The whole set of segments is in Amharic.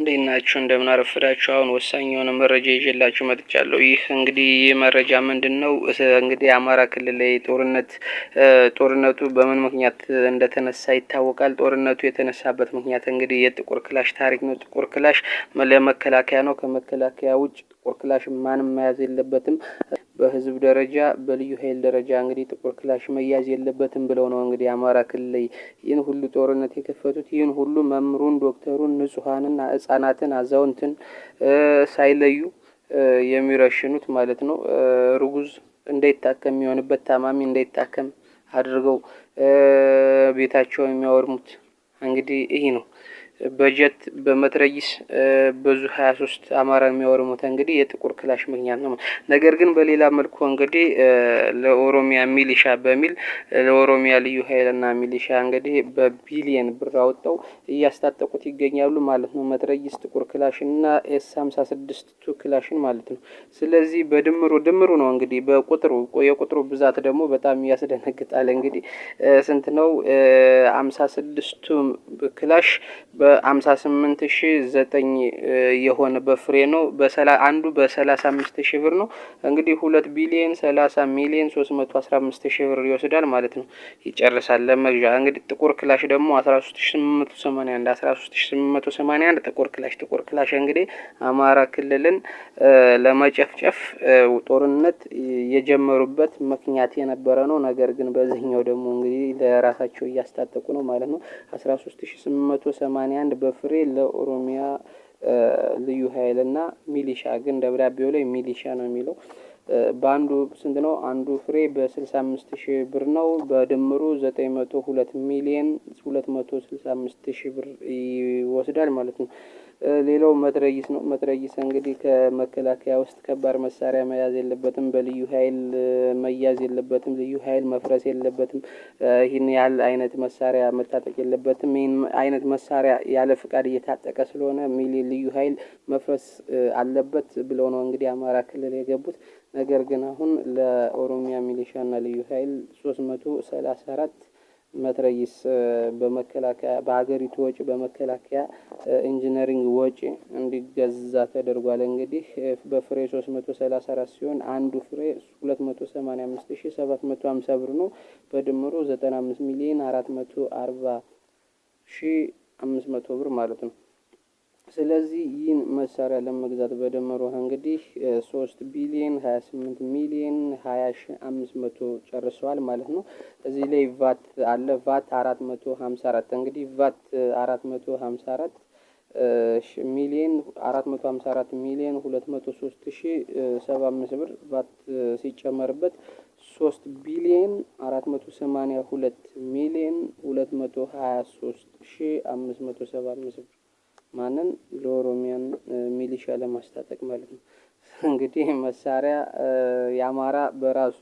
እንዴት ናችሁ? እንደምን አረፈዳችሁ? አሁን ወሳኝ የሆነ መረጃ ይዤላችሁ መጥቻለሁ። ይህ እንግዲህ ይህ መረጃ ምንድን ነው? እንግዲህ አማራ ክልል ላይ ጦርነት ጦርነቱ በምን ምክንያት እንደተነሳ ይታወቃል። ጦርነቱ የተነሳበት ምክንያት እንግዲህ የጥቁር ክላሽ ታሪክ ነው። ጥቁር ክላሽ ለመከላከያ ነው። ከመከላከያ ውጭ ጥቁር ክላሽ ማንም መያዝ የለበትም። በህዝብ ደረጃ በልዩ ኃይል ደረጃ እንግዲህ ጥቁር ክላሽ መያዝ የለበትም ብለው ነው እንግዲህ አማራ ክልል ይህን ሁሉ ጦርነት የከፈቱት። ይህን ሁሉ መምህሩን፣ ዶክተሩን፣ ንጹሐንን፣ ህጻናትን፣ አዛውንትን ሳይለዩ የሚረሽኑት ማለት ነው። ርጉዝ እንዳይታከም የሚሆንበት ታማሚ እንዳይታከም አድርገው ቤታቸው የሚያወድሙት እንግዲህ ይህ ነው። በጀት በመትረይስ በዙ ሀያ ሶስት አማራን የሚያወርሙት እንግዲህ የጥቁር ክላሽ ምክንያት ነው። ነገር ግን በሌላ መልኩ እንግዲህ ለኦሮሚያ ሚሊሻ በሚል ለኦሮሚያ ልዩ ኃይልና ሚሊሻ እንግዲህ በቢሊየን ብር አውጥተው እያስታጠቁት ይገኛሉ ማለት ነው። መትረይስ፣ ጥቁር ክላሽና ኤስ ሀምሳ ቱ ክላሽን ማለት ነው። ስለዚህ በድምሩ ድምሩ ነው እንግዲህ በቁጥሩ የቁጥሩ ብዛት ደግሞ በጣም ያስደነግጣል። እንግዲህ ስንት ነው? ሀምሳ ስድስቱ ክላሽ በ58 ሺህ 9 የሆነ በፍሬ ነው። አንዱ በ35 ሺህ ብር ነው። እንግዲህ 2 ቢሊዮን 30 ሚሊዮን 315 ሺህ ብር ይወስዳል ማለት ነው። ይጨርሳል ለመግዣ። እንግዲህ ጥቁር ክላሽ ደግሞ 13881 13881 ጥቁር ክላሽ ጥቁር ክላሽ እንግዲህ አማራ ክልልን ለመጨፍጨፍ ጦርነት የጀመሩበት ምክንያት የነበረ ነው። ነገር ግን በዚህኛው ደግሞ እንግዲህ ለራሳቸው እያስታጠቁ ነው ማለት ነው 13881 81 በፍሬ ለኦሮሚያ ልዩ ኃይል እና ሚሊሻ ግን ደብዳቤው ላይ ሚሊሻ ነው የሚለው። በአንዱ ስንት ነው? አንዱ ፍሬ በ65 ብር ነው። በድምሩ 902 ሚሊየን 265 ሺህ ብር ይወስዳል ማለት ነው። ሌላው መትረጊስ ነው። መትረጊስ እንግዲህ ከመከላከያ ውስጥ ከባድ መሳሪያ መያዝ የለበትም፣ በልዩ ኃይል መያዝ የለበትም፣ ልዩ ኃይል መፍረስ የለበትም፣ ይህን ያህል አይነት መሳሪያ መታጠቅ የለበትም። ይህን አይነት መሳሪያ ያለ ፍቃድ እየታጠቀ ስለሆነ ሚሊ ልዩ ኃይል መፍረስ አለበት ብለው ነው እንግዲህ አማራ ክልል የገቡት። ነገር ግን አሁን ለኦሮሚያ ሚሊሻና ልዩ ኃይል ሶስት መቶ ሰላሳ አራት መትረይስ በመከላከያ በሀገሪቱ ወጪ በመከላከያ ኢንጂነሪንግ ወጪ እንዲገዛ ተደርጓል። እንግዲህ በፍሬ ሶስት መቶ ሲሆን አንዱ ፍሬ ሁለት መቶ ሰማኒያ አምስት ሺ ሰባት ብር ነው። በድምሩ ዘጠና ሚሊዮን አራት ሺ አምስት ብር ማለት ነው። ስለዚህ ይህን መሳሪያ ለመግዛት በደመሩ እንግዲህ ሶስት ቢሊዮን ሀያ ስምንት ሚሊዮን ሀያ ሺ አምስት መቶ ጨርሰዋል ማለት ነው። እዚህ ላይ ቫት አለ። ቫት አራት መቶ ሀምሳ አራት እንግዲህ ቫት አራት መቶ ሀምሳ አራት ሚሊዮን አራት መቶ ሀምሳ አራት ሚሊዮን ሁለት መቶ ሶስት ሺ ሰባ አምስት ብር ቫት ሲጨመርበት ሶስት ቢሊዮን አራት መቶ ሰማኒያ ሁለት ሚሊዮን ሁለት መቶ ሀያ ሶስት ሺ አምስት መቶ ሰባ አምስት ብር ማንን ለኦሮሚያን ሚሊሻ ለማስታጠቅ ማለት ነው። እንግዲህ መሳሪያ የአማራ በራሱ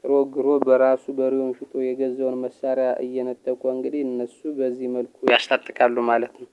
ጥሮ ግሮ በራሱ በሬውን ሽጦ የገዛውን መሳሪያ እየነጠቁ እንግዲህ እነሱ በዚህ መልኩ ያስታጥቃሉ ማለት ነው።